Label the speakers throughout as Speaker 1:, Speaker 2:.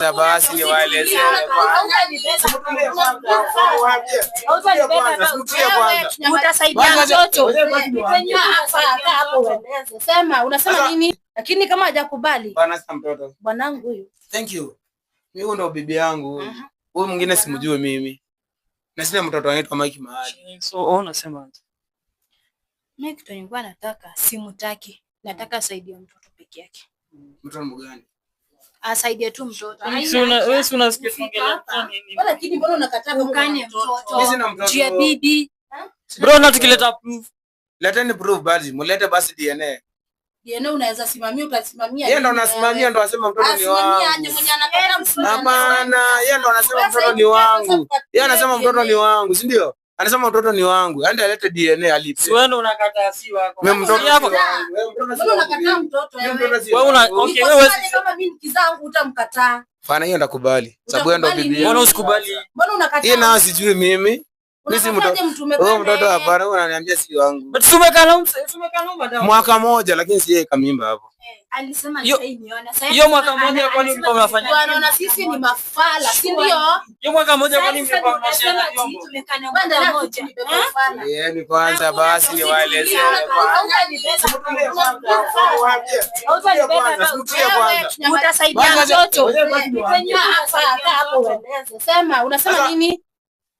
Speaker 1: Na basi niwaeleze sema, unasema nini? Lakini kama hajakubali
Speaker 2: bwanangu huyu, thank you, mimi huyu ndo bibi yangu uh-huh. huyu, mwingine simjui mimi na sina mtoto anaitwa Mike mahali.
Speaker 3: So unasema
Speaker 1: mimi kitu nilikuwa nataka simutaki, nataka saidia mtoto peke yake.
Speaker 2: Mtoto mgani?
Speaker 1: asaidie tu mtoto.
Speaker 3: Yaani unasikia
Speaker 1: bibi
Speaker 3: bro, na tukileta proof,
Speaker 2: leteni proof basi, mulete basi DNA.
Speaker 1: DNA unaweza simamia, utasimamia.
Speaker 2: Yeye ndo anasimamia, ndo asema mtoto ni wangu. Hapana, yeye ndo anasema mtoto ni wangu. Yeye anasema mtoto ni wangu, si ndio? anasema mtoto ni wangu, yani alete DNA alipe.
Speaker 3: Si wewe unakataa, si wako.
Speaker 2: Yaani wewe mtoto
Speaker 1: wako. Wewe unakataa mtoto
Speaker 3: wewe.
Speaker 1: Kama mimi nikizangu utamkataa.
Speaker 2: Fana hiyo ndakubali. Sababu yeye ndo bibi.
Speaker 3: Mbona usikubali?
Speaker 1: Mbona unakataa?
Speaker 2: Yeye na sijui mimi. Mtoto hapana, unaniambia si wangu. Mwaka moja lakini si yeye kamimba hapo.
Speaker 3: Alisema hiyo mwaka mmoja kwani mko mnafanya?
Speaker 1: Wanaona sisi ni mafala, si ndio?
Speaker 3: Hiyo mwaka mmoja kwani mko mnafanya
Speaker 1: jambo?
Speaker 2: Eh, ni kwanza basi ni waeleze.
Speaker 1: Utasaidia mtoto. Sema unasema nini?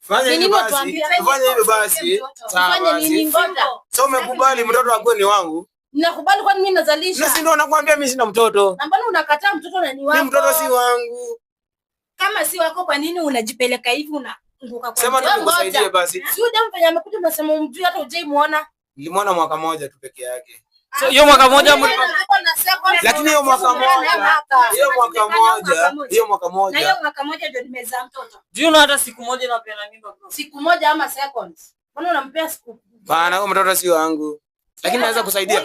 Speaker 2: Fanya hivyo basi. Fanya basi.
Speaker 1: Sawa.
Speaker 2: umekubali mtoto wako ni wangu.
Speaker 1: Nakubali kwani mimi nazalisha.
Speaker 2: Na si ndio nakwambia mimi sina mtoto.
Speaker 1: Na mbona unakataa mtoto na ni wangu?
Speaker 2: Ni mtoto si wangu.
Speaker 1: Kama si wako kwa nini unajipeleka hivi unaanguka
Speaker 2: kwa mtoto? Sema nikusaidie basi.
Speaker 1: Sio yule mfanya amekuja unasema umjui hata muona.
Speaker 2: Nilimuona mwaka mmoja tu peke yake.
Speaker 3: Ah, so hiyo mwaka mmoja mbona?
Speaker 2: lakini hiyo mwaka mmoja. Hiyo mwaka mmoja. Hiyo mwaka mmoja.
Speaker 1: Na hiyo mwaka mmoja ndio nimezaa mtoto.
Speaker 3: Juu na hata siku moja napeana mimba.
Speaker 1: Siku moja ama seconds. Mbona unampea siku?
Speaker 2: Bana, huyo mtoto si wangu lakini naweza kusaidia.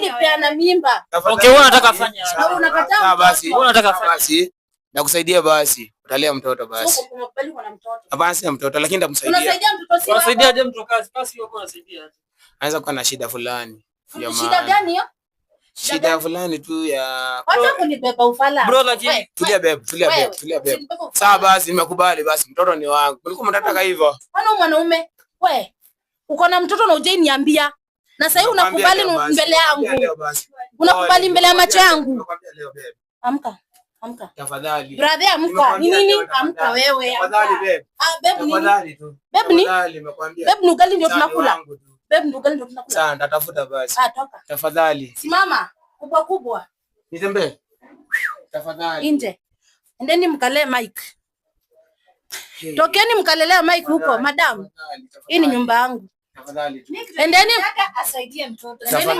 Speaker 3: Okay, wewe unataka fanya. Basi wewe unataka
Speaker 2: fanya. Na kusaidia basi utalea mtoto basi. Basi na mtoto lakini ndamsaidia.
Speaker 3: Unasaidia je mtu kazi? Basi yuko
Speaker 2: unasaidia. Anaweza kuwa na shida fulani.
Speaker 1: Shida gani hiyo?
Speaker 2: Shida fulani tu ya
Speaker 3: bro, lakini
Speaker 2: tulia beb, tulia beb, tulia beb. Sawa basi, nimekubali basi, mtoto ni wangu. Kuliko unataka hivyo.
Speaker 1: Wewe mwanaume, wewe uko na mtoto na ujeni niambia na sasa hivi unakubali mbele yangu, unakubali mbele ya macho yangu. Amka, amka tafadhali, brother, amka. Ni nini? Amka wewe,
Speaker 2: tafadhali. Babe,
Speaker 1: Ah, babe, ni babe, ni ugali ndio tunakula. Babe, ni ugali ndio tunakula.
Speaker 2: Sasa nitatafuta basi. Ah, toka tafadhali.
Speaker 1: Simama kubwa kubwa,
Speaker 2: nitembee tafadhali.
Speaker 1: Nje endeni mkale Mike, tokeni mkalelea Mike huko, madam. Hii ni nyumba yangu. Endeni mkasaidie mtoto, endeni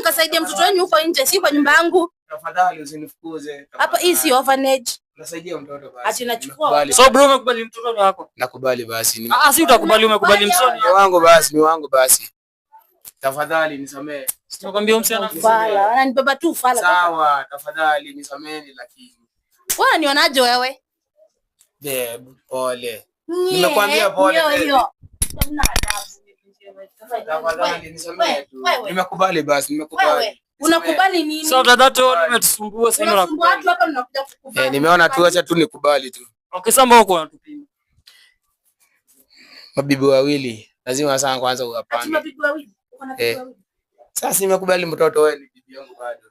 Speaker 1: mkasaidie mtoto wenyu huko nje, si kwa nyumba yangu hapa. Hii si orphanage.
Speaker 2: Nakubali basi.
Speaker 3: Ah, ah, si utakubali, umekubali mtoto ni
Speaker 2: wangu basi, ni wangu basi. Tafadhali nisamee.
Speaker 3: Sitakwambia msichana
Speaker 1: fala, wananibeba tu fala.
Speaker 2: Sawa, tafadhali nisamee lakini.
Speaker 1: Wewe unionaje wewe?
Speaker 2: Babe, pole.
Speaker 1: Nimekwambia pole.
Speaker 2: Nimekubali basi,
Speaker 1: nimekubali. Unakubali nini?
Speaker 2: Eh, nimeona tu, acha tu nikubali tu. Mabibi wawili lazima sana kwanza uwapande. Eh. Sasa nimekubali mtoto, wewe ni bibi yangu bado.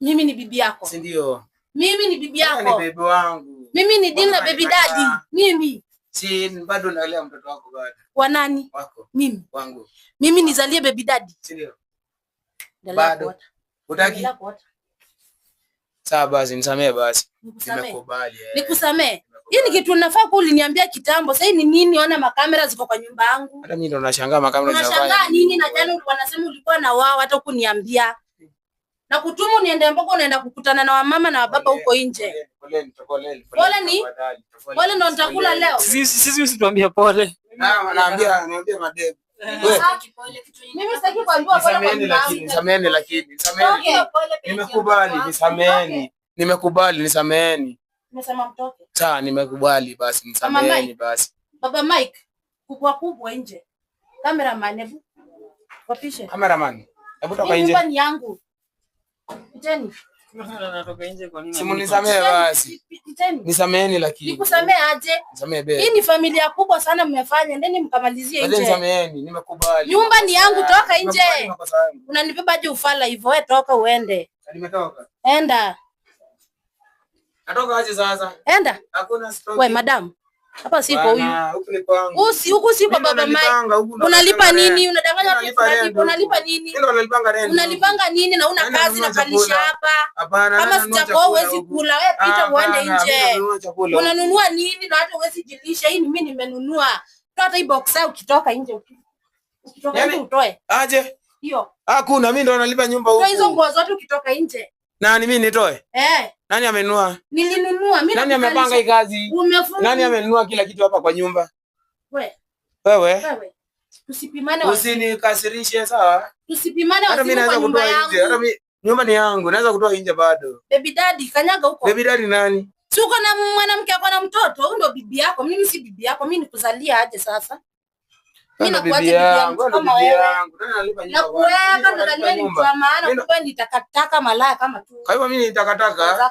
Speaker 1: Mimi ni bibi yako. Si ndio? Mimi ni bibi yako.
Speaker 2: Mimi ni bibi wangu.
Speaker 1: Mimi ni Dina baby daddy. Mimi
Speaker 2: Si bado nalea mtoto wako bado. Wa nani? Wako. Mimi. Wangu.
Speaker 1: Mimi nizalie baby daddy. Si ndio? Bado.
Speaker 2: Utaki? Sawa basi, nisamee basi.
Speaker 1: Nimekubali. Eh. Nikusamee. Hii ni yaani kitu nafaa uliniambia kitambo. Sasa ni nini? Ona makamera ziko kwa nyumba yangu.
Speaker 2: Hata mimi ndo nashangaa makamera
Speaker 1: zinafanya. Unashangaa nini? Na jana ulikuwa unasema ulikuwa na wao hata kuniambia na kutumu niende mboko unaenda kukutana na wamama na wababa huko nje. Pole ni pole, ndo nitakula leo. Sisi usituambia pole, naambia naambia madem lakini nimekubali, nisameheni, nimekubali, nimekubali basi, nisameheni basi. Baba Mike kubwa kubwa nje, hebu wapishe hebu toka nje, ni yangu Piteni. Simunisamee basi. Nisameeni lakini. Nikusamee aje? Nisamee bebe. Hii ni familia kubwa sana mmefanya. Ndeni mkamalizie nje. Nisameeni, nimekubali. Nyumba ni yangu, toka nje. Unanibeba aje ufala hivyo? Wewe toka uende. Nimetoka. Enda. Natoka aje sasa? Enda. Hakuna stroke. Wewe madam. Hapa si kwa huyu. Huku si kwa baba Mike. Unalipa nini? Unadanganya watu unalipa nini? Unalipanga nini na una kazi na kalisha hapa? Kama sitakuwa huwezi kula, wewe pita ah, uende nje. Unanunua nini na hata huwezi jilisha? Hii mimi nimenunua. Toa hii box au ukitoka nje ukitoka yaani, nje utoe. Aje. Hiyo. Hakuna, ah, mimi ndo nalipa nyumba huko. Hizo nguo zote ukitoka nje. Nani mimi nitoe? Eh. Nani amenunua? Nilinunua. Mimi nani amepanga hii kazi? Umefunga. Nani amenunua kila kitu hapa kwa nyumba? Wewe. Wewe. Wewe. Tusipimane wasifu. Usinikasirishe sawa? Tusipimane wasifu. mimi naweza kutoa nje. Hata mimi nyumba ni yangu. Naweza kutoa nje bado. Baby daddy kanyaga huko. Baby daddy nani? Si uko na mwanamke akona mtoto, huyo ndio bibi yako. Mimi si bibi yako. Mimi nikuzalia aje sasa? mimi kwa nitakataka malaya kama tu. Kwa hivyo mimi nitakataka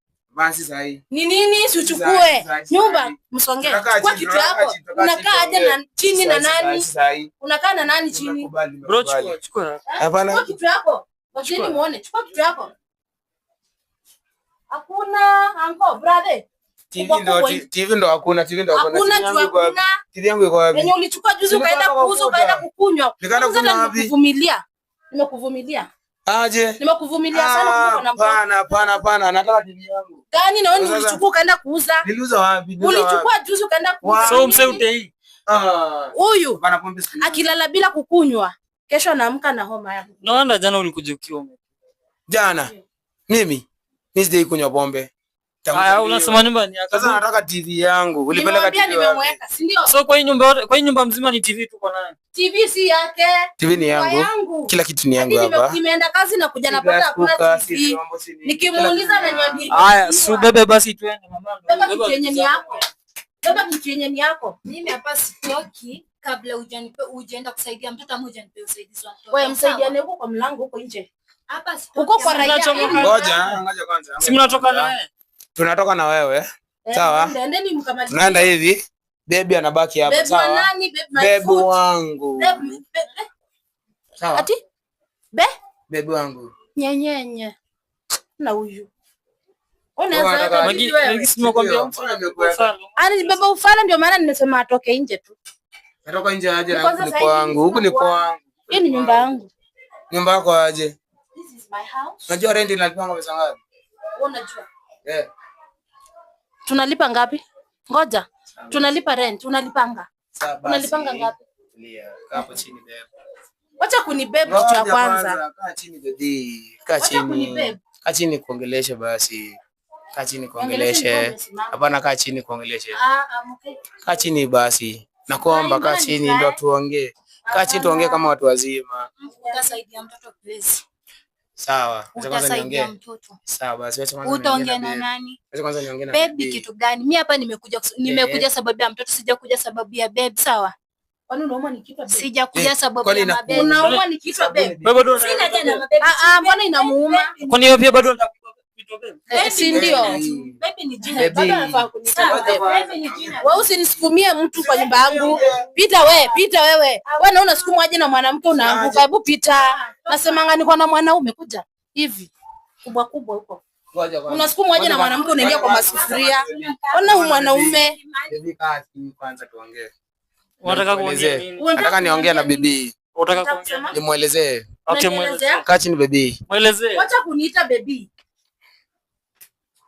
Speaker 1: Basi sahi. Ni nini usichukue? Nyumba msongee. Kwa kitu yako. Unakaa aje na chini na nani? Unakaa na nani chini? Bro, chukua, Hapana. Kwa kitu yako. Wacheni muone. Chukua kitu yako. Hakuna anko brother. TV ndo TV ndo hakuna, TV ndo hakuna. Hakuna TV yangu iko wapi? Yenye ulichukua juzi ukaenda kuuza ukaenda kukunywa. Nikaenda kuna wapi? Nimekuvumilia. Nimekuvumilia. Aje? Nimekuvumilia sana kwa ah, na Hapana, hapana, hapana. Nataka TV yangu gani? Na wewe ulichukua ukaenda kuuza. Niliuza wapi? Ulichukua juzi ukaenda kuuza. So mse utei. Ah. Huyu akilala bila kukunywa, kesho anaamka na homa yako. Naona jana ulikuja ukiwa. Jana mimi mimi sijai kunywa pombe. Unasema nyumba ni yako. nataka TV yangu. Ulipeleka TV yangu. So kwa hii nyumba, kwa hii nyumba mzima ni TV tu kwa nani? TV si yake. TV ni yangu. Kila kitu ni yangu hapa. Nimeenda kazi na kuja napata hakuna TV. Nikimuuliza ananiambia. Haya, su bebe basi tuende mama. Baba kitu yenye ni yako. Baba kitu yenye ni yako. Mimi hapa sitoki kabla hujanipe hujaenda kusaidia mtoto ama hujanipe usaidizi wa mtoto. Wewe msaidiane huko kwa mlango huko nje. Hapa sitoki. Huko kwa raia. Ngoja, ngoja kwanza. Si mnatoka naye tunatoka na wewe eh, sawa, tunaenda hivi, bebi anabaki hapa sawa, bebi wangu sawa, ati be bebi wangu nyenyenye na huyu beba ufala, ndio maana nimesema atoke nje tu. Atoka nje aje, na huku ni kwangu, huku ni hii ni nyumba yangu. Nyumba yako aje? Unajua rent inalipangwa pesa ngapi? Unajua? Eh tunalipa ngapi? Ngoja, tunalipa rent, unalipanga unalipanga ngapi? Wacha kunibeba kitu ya kwanza. Kaa chini kuongeleshe basi. Kaa chini yaani kuongeleshe. Hapana, kaa chini kuongeleshe. Ah, ah, kaa chini basi, nakuomba kaa chini ndo tuongee. Kaa chini tuongee kama watu wazima. Utasaidia mtoto please. Sawa. Utasaidia mtoto. Sawa basi, acha kwanza utaongea na nani? Acha kwanza niongee na baby. Kitu gani? Mimi hapa nimekuja eh. nimekuja sababu ya mtoto, sijakuja sababu ya baby, sawa? Kwani unauma nikiitwa baby? Sijakuja eh, sababu ya mababy. Unauma nikiitwa baby? Sina tena mababy. Ah, ah mbona inamuuma? Kwani hiyo pia bado nataka Eh, sindio ndio? usinisukumie mtu kwa nyumba yangu. Pita we, pita wewe. we naona sukumwa na mwanamke unaanguka. Hebu pita. Nasemanga niko na mwanaume kuja hivi kubwa kubwa huko unasukumwa na mwanamke unaingia kwa masufuria. Ona mwanaume nataka niongee na bibi nimwelezee. Kaa chini bibi, wacha kuniita bibi.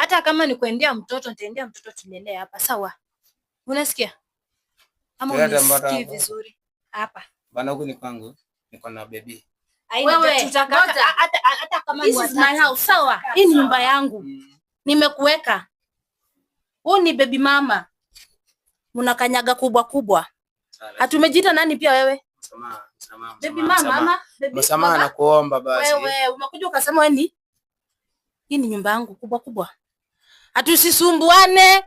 Speaker 1: hata kama ni kuendea mtoto nitaendea mtoto, tulelea hapa sawa, unasikia ama unasikia vizuri hapa bana? huko ni kwangu, niko na bebi hata kama ni my house sawa. Hii ni nyumba yangu mm. Nimekuweka huu ni baby mama, munakanyaga kubwa kubwa, Hatumejiita nani pia wewe bebi mama. Msamaha nakuomba basi, wewe umekuja ukasema wewe ni hii ni nyumba yangu kubwa kubwa hatusisumbuane.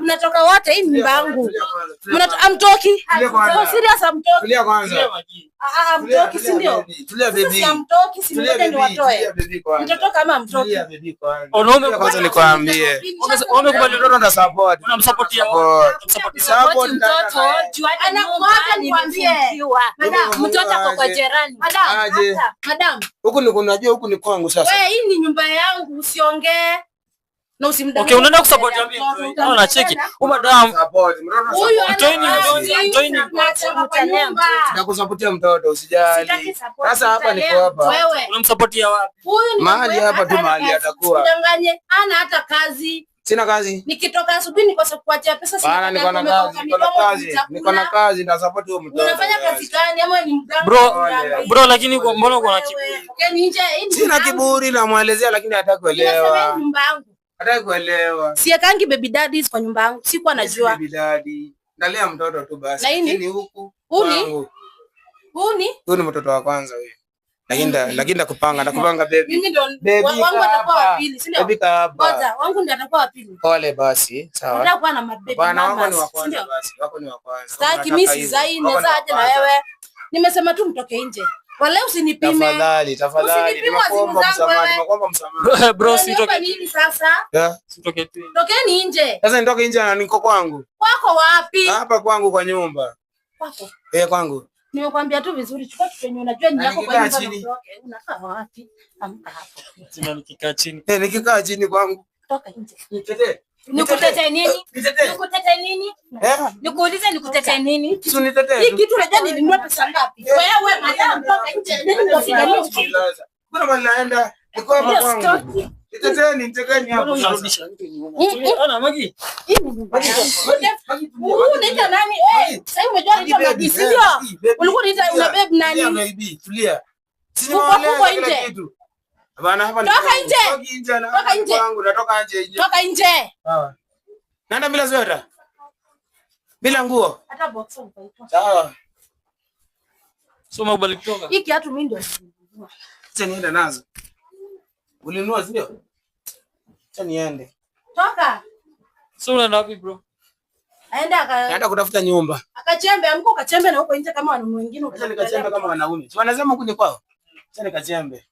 Speaker 1: Mnatoka wote, hii nyumba yangu, amtoki. Hamtoki ah, ah, ah, si ndio? Hamtoki si mmoja ni watoe. Mtatoka ama mtoki. Wanaume kwanza nikwambie. Wamekubali ndoto na support. Unamsupport ya. Support mtoto, juana ngoja nikwambie. Mtoto ako kwa jirani. Madam, madam. Huku ni kunajua huku ni kwangu sasa. Wewe hii ni nyumba yangu usiongee na usimdanganye. Okay, unaenda kusupport jamii. Au na cheki. Umadamu. Huyu mtoini mtoini tutakusupport mtoto usijali. Sasa hapa niko hapa. Wewe unamsupportia wapi? mahali hapa tu mahali atakuwa. Usimdanganye. Ana hata kazi. Sina kazi. Nikitoka asubuhi niko kuachia pesa sina. Bana niko na kazi, niko na kazi, niko na kazi na support huyo mtoto. Unafanya kazi gani ama ni mganga? Bro, bro lakini mbona uko na kiburi? Yaani nje Sina kiburi na lakini hataki kuelewa. nyumba yangu hata kuelewa. Siekangi baby daddies kwa nyumba yangu. Sikuwa najua. Baby daddy. Nalea mtoto tu basi. Lakini huku. Huni? Huni? Huni mtoto wa kwanza huyo. Lakini lakini nakupanga nakupanga baby. Mimi ndo wangu atakuwa wa pili, si ndio? Baby kaba. Baza, wangu ndo atakuwa wa pili. Pole basi. Sawa. Nataka kuwa na mababy mama. Wangu ni wa kwanza basi. Wako ni wa kwanza. Sitaki mimi zaini, aje na wewe. Nimesema tu mtoke nje. Wale usinipime. Tafadhali, tafadhali. Nimekuomba msamaha, eh. nimekuomba msamaha. Bro, si sitoke nini sasa? Yeah. Si toke tu. Tokeni nje. Sasa nitoke nje na niko kwangu. Kwako wapi? Hapa kwangu kwa nyumba. Kwako. Eh, kwangu. Nimekwambia tu vizuri, chukua kitu chenye unajua ni yako kwa nyumba. Unakaa wapi? Amka hapo. Nikikaa chini. Eh, nikikaa chini kwangu. Toka nje. Nitetee. Nikutete nini? Nikutete nini? Nikuulize nikutete nini? Hii kitu unajua nilinunua pesa ngapi? Wewe madam mpaka nje nini ndio sidani. Kuna mali naenda niko kwangu. Nitetee ni nitetee hapo narudisha. Ona maji. Unaita nani? Eh, sasa umejua unaita maji sio? Ulikuwa unaita una nani? Tulia. Sina wale kitu. Bana hapa ni toka nje. Toka nje. Natoka nje. Toka nje. Naenda bila sweta. Bila nguo. Hata boxer Sawa. kutoka. Hii kiatu mimi ndio. Acha niende nazo. sio? Acha niende. Toka. unaenda wapi bro? Aenda aka Aenda kutafuta nyumba. Akachembe, amko akachembe na huko nje kama wanaume wengine. Acha nikachembe kama wanaume. Si wanasema kwao. Acha nikachembe.